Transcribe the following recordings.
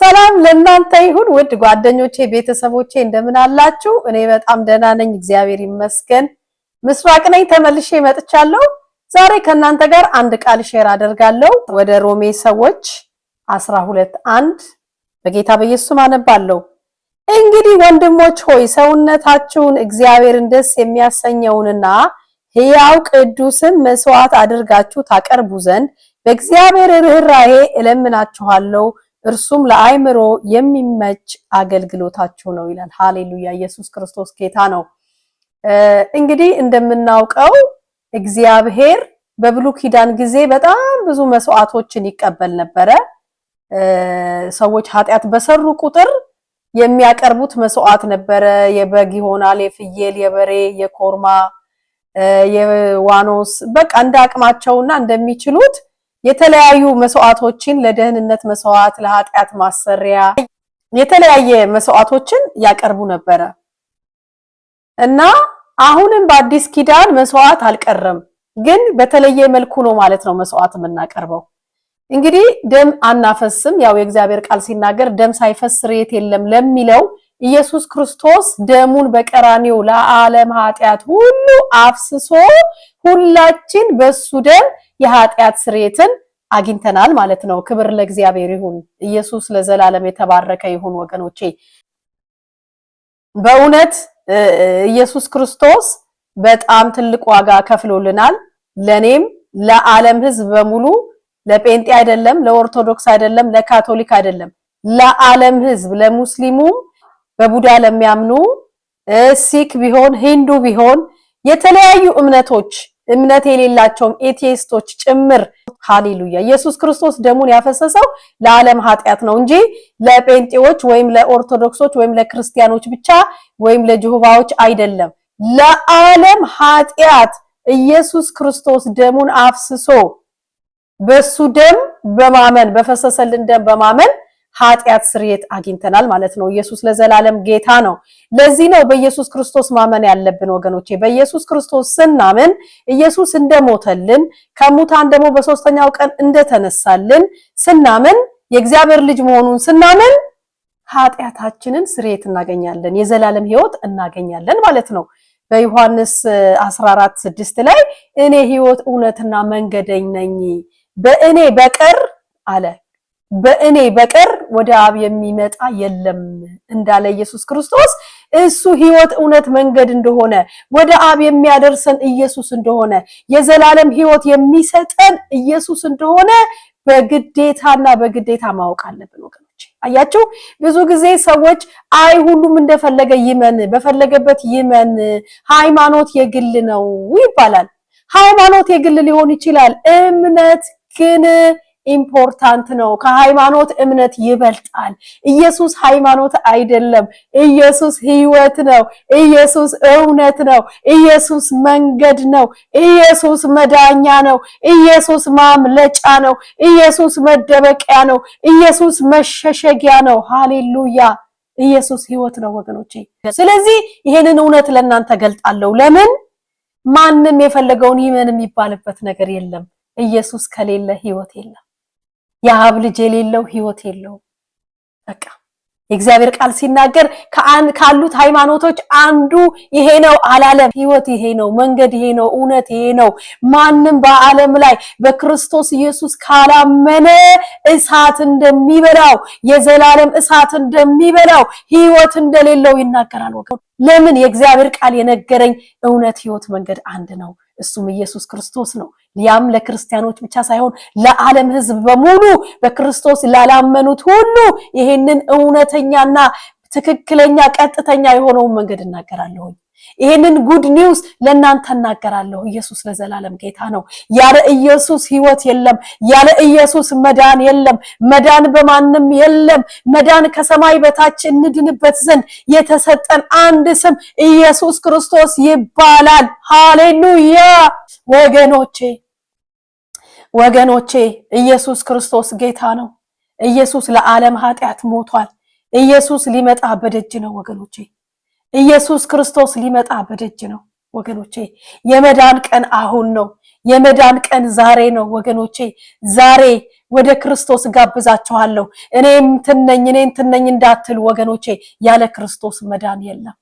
ሰላም ለእናንተ ይሁን ውድ ጓደኞቼ ቤተሰቦቼ፣ እንደምን አላችሁ? እኔ በጣም ደህና ነኝ፣ እግዚአብሔር ይመስገን። ምስራቅ ነኝ፣ ተመልሼ መጥቻለሁ። ዛሬ ከእናንተ ጋር አንድ ቃል ሼር አደርጋለሁ። ወደ ሮሜ ሰዎች 12 አንድ በጌታ በኢየሱስም አነባለሁ። እንግዲህ ወንድሞች ሆይ ሰውነታችሁን እግዚአብሔርን ደስ የሚያሰኘውንና ሕያው ቅዱስን መስዋዕት አድርጋችሁ ታቀርቡ ዘንድ በእግዚአብሔር ርኅራሄ እለምናችኋለሁ እርሱም ለአይምሮ የሚመች አገልግሎታችሁ ነው ይላል። ሃሌሉያ! ኢየሱስ ክርስቶስ ጌታ ነው። እንግዲህ እንደምናውቀው እግዚአብሔር በብሉ ኪዳን ጊዜ በጣም ብዙ መስዋዕቶችን ይቀበል ነበረ። ሰዎች ኃጢአት በሰሩ ቁጥር የሚያቀርቡት መስዋዕት ነበረ። የበግ ይሆናል፣ የፍየል፣ የበሬ፣ የኮርማ፣ የዋኖስ በቃ እንደ አቅማቸውና እንደሚችሉት የተለያዩ መስዋዕቶችን ለደህንነት መስዋዕት፣ ለኃጢአት ማሰሪያ የተለያየ መስዋዕቶችን ያቀርቡ ነበረ እና አሁንም በአዲስ ኪዳን መስዋዕት አልቀረም፣ ግን በተለየ መልኩ ነው ማለት ነው መስዋዕት የምናቀርበው። እንግዲህ ደም አናፈስም፣ ያው የእግዚአብሔር ቃል ሲናገር ደም ሳይፈስ ስርየት የለም ለሚለው ኢየሱስ ክርስቶስ ደሙን በቀራኔው ለዓለም ኃጢአት ሁሉ አፍስሶ ሁላችን በሱ ደም የኃጢአት ስርየትን አግኝተናል ማለት ነው። ክብር ለእግዚአብሔር ይሁን። ኢየሱስ ለዘላለም የተባረከ ይሁን። ወገኖቼ በእውነት ኢየሱስ ክርስቶስ በጣም ትልቅ ዋጋ ከፍሎልናል። ለኔም ለዓለም ሕዝብ በሙሉ ለጴንጤ አይደለም፣ ለኦርቶዶክስ አይደለም፣ ለካቶሊክ አይደለም፣ ለዓለም ሕዝብ ለሙስሊሙም በቡዳ ለሚያምኑ ሲክ ቢሆን ሂንዱ ቢሆን የተለያዩ እምነቶች እምነት የሌላቸውም ኤቲስቶች ጭምር ሃሌሉያ። ኢየሱስ ክርስቶስ ደሙን ያፈሰሰው ለዓለም ኃጢአት ነው እንጂ ለጴንጤዎች ወይም ለኦርቶዶክሶች ወይም ለክርስቲያኖች ብቻ ወይም ለጅሁባዎች አይደለም። ለዓለም ኃጢአት ኢየሱስ ክርስቶስ ደሙን አፍስሶ በሱ ደም በማመን በፈሰሰልን ደም በማመን ኃጢአት ስርየት አግኝተናል ማለት ነው። ኢየሱስ ለዘላለም ጌታ ነው። ለዚህ ነው በኢየሱስ ክርስቶስ ማመን ያለብን ወገኖቼ። በኢየሱስ ክርስቶስ ስናምን ኢየሱስ እንደሞተልን ከሙታን ደግሞ በሶስተኛው ቀን እንደተነሳልን ስናምን የእግዚአብሔር ልጅ መሆኑን ስናምን ኃጢአታችንን ስርየት እናገኛለን፣ የዘላለም ህይወት እናገኛለን ማለት ነው። በዮሐንስ 14 ስድስት ላይ እኔ ህይወት እውነትና መንገደኝ ነኝ በእኔ በቀር አለ በእኔ በቀር ወደ አብ የሚመጣ የለም እንዳለ ኢየሱስ ክርስቶስ እሱ ህይወት እውነት መንገድ እንደሆነ ወደ አብ የሚያደርሰን ኢየሱስ እንደሆነ የዘላለም ህይወት የሚሰጠን ኢየሱስ እንደሆነ በግዴታና በግዴታ ማወቅ አለብን ወገኖች። አያችሁ፣ ብዙ ጊዜ ሰዎች አይ ሁሉም እንደፈለገ ይመን፣ በፈለገበት ይመን፣ ሃይማኖት የግል ነው ይባላል። ሃይማኖት የግል ሊሆን ይችላል፣ እምነት ግን ኢምፖርታንት ነው። ከሃይማኖት እምነት ይበልጣል። ኢየሱስ ሃይማኖት አይደለም። ኢየሱስ ህይወት ነው። ኢየሱስ እውነት ነው። ኢየሱስ መንገድ ነው። ኢየሱስ መዳኛ ነው። ኢየሱስ ማምለጫ ነው። ኢየሱስ መደበቂያ ነው። ኢየሱስ መሸሸጊያ ነው። ሃሌሉያ! ኢየሱስ ህይወት ነው ወገኖቼ። ስለዚህ ይሄንን እውነት ለእናንተ ገልጣለሁ። ለምን ማንም የፈለገውን ይመን የሚባልበት ነገር የለም። ኢየሱስ ከሌለ ህይወት የለም። የአብ ልጅ የሌለው ህይወት የለውም። በቃ የእግዚአብሔር ቃል ሲናገር ካሉት ሃይማኖቶች አንዱ ይሄ ነው አላለም። ህይወት ይሄ ነው፣ መንገድ ይሄ ነው፣ እውነት ይሄ ነው። ማንም በዓለም ላይ በክርስቶስ ኢየሱስ ካላመነ እሳት እንደሚበላው የዘላለም እሳት እንደሚበላው ህይወት እንደሌለው ይናገራል። ወገ ለምን የእግዚአብሔር ቃል የነገረኝ እውነት፣ ህይወት፣ መንገድ አንድ ነው። እሱም ኢየሱስ ክርስቶስ ነው። ያም ለክርስቲያኖች ብቻ ሳይሆን ለዓለም ሕዝብ በሙሉ በክርስቶስ ላላመኑት ሁሉ ይሄንን እውነተኛና ትክክለኛ ቀጥተኛ የሆነውን መንገድ እናገራለሁኝ። ይሄንን ጉድ ኒውስ ለእናንተ እናገራለሁ። ኢየሱስ ለዘላለም ጌታ ነው። ያለ ኢየሱስ ህይወት የለም። ያለ ኢየሱስ መዳን የለም። መዳን በማንም የለም። መዳን ከሰማይ በታች እንድንበት ዘንድ የተሰጠን አንድ ስም ኢየሱስ ክርስቶስ ይባላል። ሃሌሉያ ወገኖቼ ወገኖቼ ኢየሱስ ክርስቶስ ጌታ ነው። ኢየሱስ ለዓለም ኃጢአት ሞቷል። ኢየሱስ ሊመጣ በደጅ ነው ወገኖቼ። ኢየሱስ ክርስቶስ ሊመጣ በደጅ ነው ወገኖቼ። የመዳን ቀን አሁን ነው። የመዳን ቀን ዛሬ ነው ወገኖቼ። ዛሬ ወደ ክርስቶስ ጋብዛችኋለሁ። እኔ እንትን ነኝ እኔ እንትን ነኝ እንዳትል ወገኖቼ። ያለ ክርስቶስ መዳን የለም።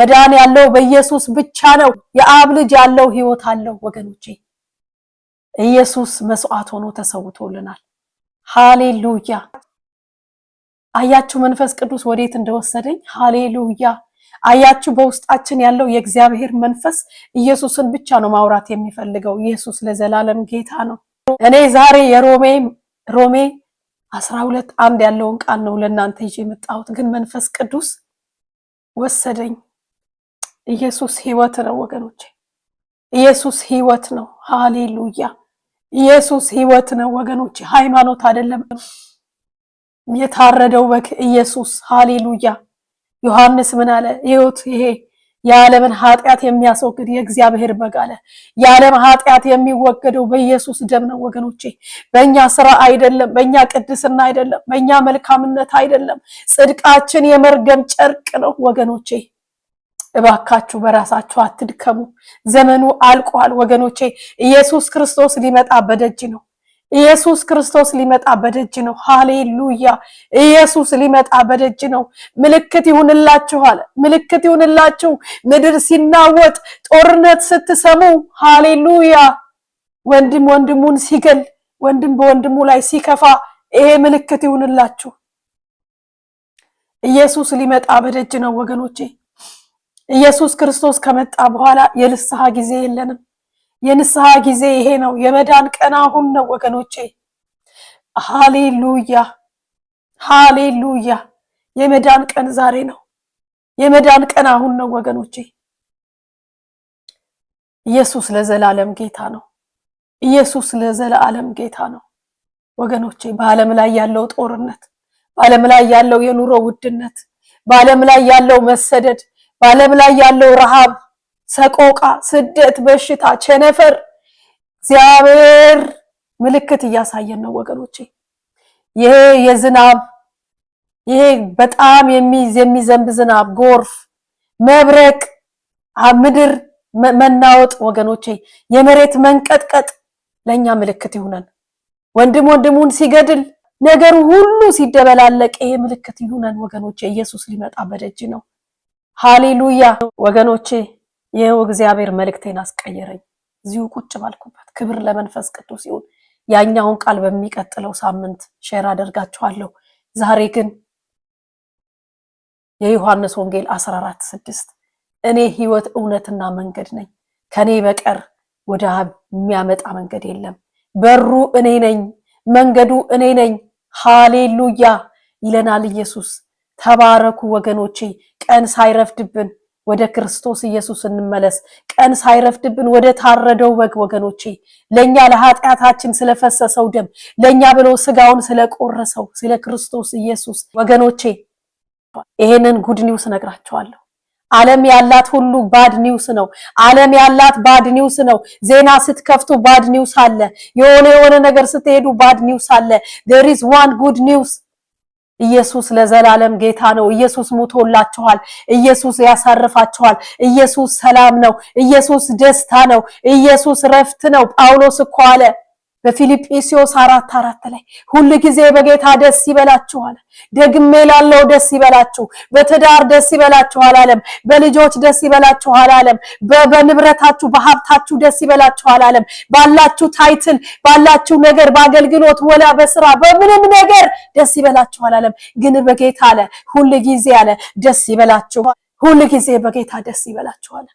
መዳን ያለው በኢየሱስ ብቻ ነው። የአብ ልጅ ያለው ህይወት አለው ወገኖቼ። ኢየሱስ መስዋዕት ሆኖ ተሰውቶልናል። ሃሌሉያ! አያችሁ መንፈስ ቅዱስ ወዴት እንደወሰደኝ። ሃሌሉያ! አያችሁ፣ በውስጣችን ያለው የእግዚአብሔር መንፈስ ኢየሱስን ብቻ ነው ማውራት የሚፈልገው። ኢየሱስ ለዘላለም ጌታ ነው። እኔ ዛሬ የሮሜ ሮሜ አስራ ሁለት አንድ ያለውን ቃል ነው ለእናንተ ይዤ የመጣሁት፣ ግን መንፈስ ቅዱስ ወሰደኝ። ኢየሱስ ህይወት ነው ወገኖቼ፣ ኢየሱስ ህይወት ነው። ሃሌሉያ! ኢየሱስ ህይወት ነው ወገኖቼ፣ ሃይማኖት አይደለም። የታረደው በግ ኢየሱስ። ሃሌሉያ! ዮሐንስ ምን አለ? ይሁት ይሄ የዓለምን ኃጢአት የሚያስወግድ የእግዚአብሔር በግ አለ። የዓለም ኃጢአት የሚወገደው በኢየሱስ ደም ነው ወገኖቼ። በእኛ ስራ አይደለም፣ በእኛ ቅድስና አይደለም፣ በእኛ መልካምነት አይደለም። ጽድቃችን የመርገም ጨርቅ ነው ወገኖቼ። እባካችሁ በራሳችሁ አትድከሙ። ዘመኑ አልቋል ወገኖቼ። ኢየሱስ ክርስቶስ ሊመጣ በደጅ ነው። ኢየሱስ ክርስቶስ ሊመጣ በደጅ ነው። ሃሌሉያ! ኢየሱስ ሊመጣ በደጅ ነው። ምልክት ይሁንላችሁ አለ። ምልክት ይሁንላችሁ ምድር ሲናወጥ፣ ጦርነት ስትሰሙ፣ ሃሌሉያ! ወንድም ወንድሙን ሲገል፣ ወንድም በወንድሙ ላይ ሲከፋ፣ ይሄ ምልክት ይሁንላችሁ። ኢየሱስ ሊመጣ በደጅ ነው ወገኖቼ። ኢየሱስ ክርስቶስ ከመጣ በኋላ የንስሐ ጊዜ የለንም። የንስሐ ጊዜ ይሄ ነው። የመዳን ቀን አሁን ነው ወገኖቼ። ሃሌሉያ ሃሌሉያ! የመዳን ቀን ዛሬ ነው። የመዳን ቀን አሁን ነው ወገኖቼ። ኢየሱስ ለዘላለም ጌታ ነው። ኢየሱስ ለዘላለም ጌታ ነው ወገኖቼ። በዓለም ላይ ያለው ጦርነት፣ በዓለም ላይ ያለው የኑሮ ውድነት፣ በዓለም ላይ ያለው መሰደድ፣ በዓለም ላይ ያለው ረሃብ ሰቆቃ፣ ስደት፣ በሽታ፣ ቸነፈር እግዚአብሔር ምልክት እያሳየን ነው ወገኖቼ። ይሄ የዝናብ ይሄ በጣም የሚዘንብ ዝናብ፣ ጎርፍ፣ መብረቅ፣ ምድር መናወጥ ወገኖቼ፣ የመሬት መንቀጥቀጥ ለእኛ ምልክት ይሁነን። ወንድም ወንድሙን ሲገድል ነገሩ ሁሉ ሲደበላለቅ ይሄ ምልክት ይሁነን ወገኖቼ። ኢየሱስ ሊመጣ በደጅ ነው። ሃሌሉያ ወገኖቼ። ይኸው እግዚአብሔር መልእክቴን አስቀየረኝ። እዚሁ ቁጭ ባልኩበት ክብር ለመንፈስ ቅዱስ ይሁን። ያኛውን ቃል በሚቀጥለው ሳምንት ሼር አደርጋችኋለሁ። ዛሬ ግን የዮሐንስ ወንጌል 14 ስድስት እኔ ህይወት እውነትና መንገድ ነኝ፣ ከኔ በቀር ወደ አብ የሚያመጣ መንገድ የለም። በሩ እኔ ነኝ፣ መንገዱ እኔ ነኝ። ሃሌሉያ ይለናል ኢየሱስ። ተባረኩ ወገኖቼ፣ ቀን ሳይረፍድብን ወደ ክርስቶስ ኢየሱስ እንመለስ። ቀን ሳይረፍድብን ወደ ታረደው በግ ወገኖቼ፣ ለኛ ለኃጢአታችን ስለፈሰሰው ደም ለኛ ብሎ ስጋውን ስለቆረሰው ስለ ክርስቶስ ኢየሱስ ወገኖቼ፣ ይሄንን ጉድ ኒውስ ነግራቸዋለሁ። ዓለም ያላት ሁሉ ባድ ኒውስ ነው። ዓለም ያላት ባድ ኒውስ ነው። ዜና ስትከፍቱ ባድ ኒውስ አለ። የሆነ የሆነ ነገር ስትሄዱ ባድ ኒውስ አለ። ዴር ኢዝ ዋን ጉድ ኒውስ ኢየሱስ ለዘላለም ጌታ ነው። ኢየሱስ ሞቶላችኋል። ኢየሱስ ያሳርፋችኋል። ኢየሱስ ሰላም ነው። ኢየሱስ ደስታ ነው። ኢየሱስ ረፍት ነው። ጳውሎስ እኮ አለ በፊልጵስዮስ አራት አራት ላይ ሁል ጊዜ በጌታ ደስ ይበላችሁ አለ። ደግሜ ላለው ደስ ይበላችሁ፣ በትዳር ደስ ይበላችሁ አላለም። በልጆች ደስ ይበላችሁ አላለም። በንብረታችሁ በሀብታችሁ ደስ ይበላችሁ አላለም። ባላችሁ ታይትል፣ ባላችሁ ነገር፣ በአገልግሎት ወላ በስራ በምንም ነገር ደስ ይበላችሁ አላለም። ግን በጌታ አለ፣ ሁል ጊዜ አለ ደስ ይበላችሁ፣ ሁል ጊዜ በጌታ ደስ ይበላችሁ አለ።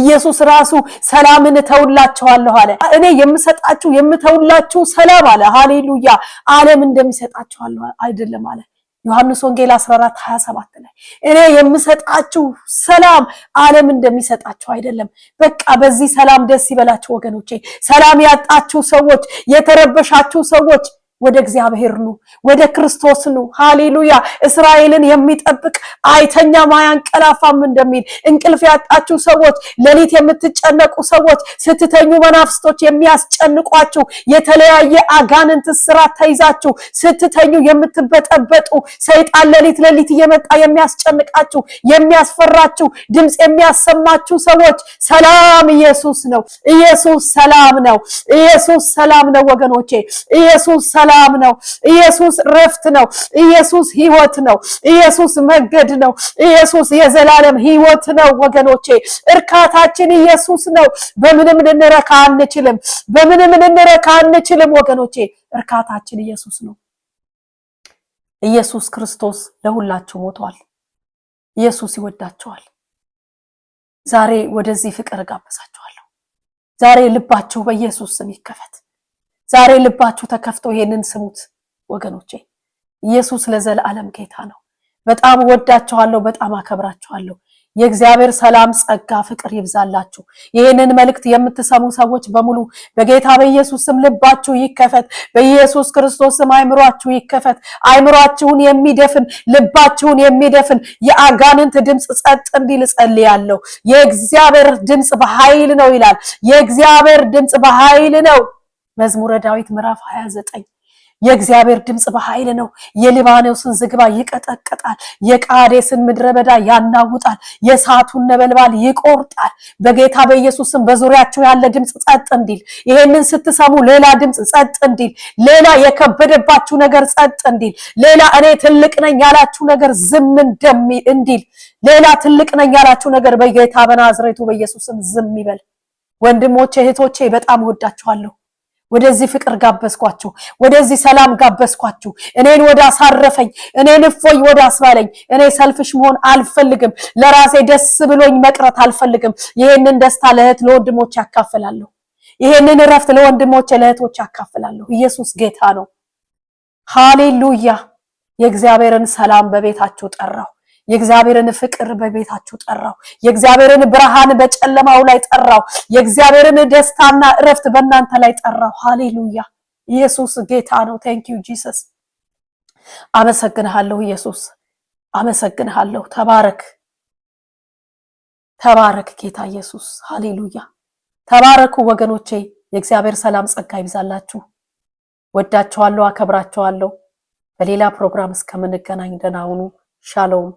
ኢየሱስ ራሱ ሰላምን እተውላችኋለሁ አለ። እኔ የምሰጣችሁ የምተውላችሁ ሰላም አለ። ሃሌሉያ ዓለም እንደሚሰጣችኋለሁ አይደለም አለ። ዮሐንስ ወንጌል 14 27 ላይ እኔ የምሰጣችሁ ሰላም ዓለም እንደሚሰጣችሁ አይደለም። በቃ በዚህ ሰላም ደስ ይበላችሁ ወገኖቼ። ሰላም ያጣችሁ ሰዎች፣ የተረበሻችሁ ሰዎች ወደ እግዚአብሔር ኑ፣ ወደ ክርስቶስ ኑ። ሃሌሉያ! እስራኤልን የሚጠብቅ አይተኛም አያንቀላፋም እንደሚል እንቅልፍ ያጣችሁ ሰዎች፣ ሌሊት የምትጨነቁ ሰዎች፣ ስትተኙ መናፍስቶች የሚያስጨንቋችሁ የተለያየ አጋንንት ስራ ተይዛችሁ ስትተኙ የምትበጠበጡ ሰይጣን ሌሊት ሌሊት እየመጣ የሚያስጨንቃችሁ የሚያስፈራችሁ ድምፅ የሚያሰማችሁ ሰዎች ሰላም ኢየሱስ ነው። ኢየሱስ ሰላም ነው። ኢየሱስ ሰላም ነው ወገኖቼ፣ ኢየሱስ ሰላም ሰላም ነው። ኢየሱስ ረፍት ነው። ኢየሱስ ህይወት ነው። ኢየሱስ መንገድ ነው። ኢየሱስ የዘላለም ህይወት ነው። ወገኖቼ እርካታችን ኢየሱስ ነው። በምንም ልንረካ አንችልም። በምንም ልንረካ አንችልም። ወገኖቼ እርካታችን ኢየሱስ ነው። ኢየሱስ ክርስቶስ ለሁላችሁ ሞቷል። ኢየሱስ ይወዳችኋል። ዛሬ ወደዚህ ፍቅር እጋብዛችኋለሁ። ዛሬ ልባችሁ በኢየሱስ ስም ይከፈት። ዛሬ ልባችሁ ተከፍቶ ይሄንን ስሙት ወገኖቼ። ኢየሱስ ለዘላለም ጌታ ነው። በጣም ወዳችኋለሁ፣ በጣም አከብራችኋለሁ። የእግዚአብሔር ሰላም፣ ጸጋ፣ ፍቅር ይብዛላችሁ። ይህንን መልእክት የምትሰሙ ሰዎች በሙሉ በጌታ በኢየሱስ ስም ልባችሁ ይከፈት። በኢየሱስ ክርስቶስ ስም አይምሯችሁ ይከፈት። አይምሯችሁን የሚደፍን ልባችሁን የሚደፍን የአጋንንት ድምፅ ጸጥ እንዲል ጸልያለሁ። የእግዚአብሔር ድምፅ በኃይል ነው ይላል። የእግዚአብሔር ድምፅ በኃይል ነው። መዝሙረ ዳዊት ምዕራፍ 29 የእግዚአብሔር ድምፅ በኃይል ነው፣ የሊባኖስን ዝግባ ይቀጠቅጣል፣ የቃዴስን ምድረ በዳ ያናውጣል፣ የእሳቱን ነበልባል ይቆርጣል። በጌታ በኢየሱስም በዙሪያችሁ ያለ ድምፅ ጸጥ እንዲል፣ ይሄንን ስትሰሙ ሌላ ድምፅ ጸጥ እንዲል፣ ሌላ የከበደባችሁ ነገር ጸጥ እንዲል፣ ሌላ እኔ ትልቅ ነኝ ያላችሁ ነገር ዝም እንዲል፣ ሌላ ትልቅ ነኝ ያላችሁ ነገር በጌታ በናዝሬቱ በኢየሱስም ዝም ይበል። ወንድሞቼ እህቶቼ፣ በጣም ወዳችኋለሁ። ወደዚህ ፍቅር ጋበዝኳችሁ፣ ወደዚህ ሰላም ጋበዝኳችሁ። እኔን ወደ አሳረፈኝ፣ እኔን እፎይ ወደ አስባለኝ። እኔ ሰልፍሽ መሆን አልፈልግም። ለራሴ ደስ ብሎኝ መቅረት አልፈልግም። ይህንን ደስታ ለእህት ለወንድሞች ያካፍላለሁ። ይህንን እረፍት ለወንድሞች ለእህቶች ያካፍላለሁ። ኢየሱስ ጌታ ነው። ሃሌሉያ! የእግዚአብሔርን ሰላም በቤታችሁ ጠራው። የእግዚአብሔርን ፍቅር በቤታችሁ ጠራው። የእግዚአብሔርን ብርሃን በጨለማው ላይ ጠራው። የእግዚአብሔርን ደስታና እረፍት በእናንተ ላይ ጠራው። ሃሌሉያ! ኢየሱስ ጌታ ነው። ታንክ ዩ ጂሰስ። አመሰግንሃለሁ ኢየሱስ፣ አመሰግንሃለሁ። ተባረክ፣ ተባረክ ጌታ ኢየሱስ። ሃሌሉያ! ተባረኩ ወገኖቼ። የእግዚአብሔር ሰላም ጸጋ ይብዛላችሁ። ወዳችኋለሁ፣ አከብራችኋለሁ። በሌላ ፕሮግራም እስከምንገናኝ ደህና ሁኑ። ሻሎም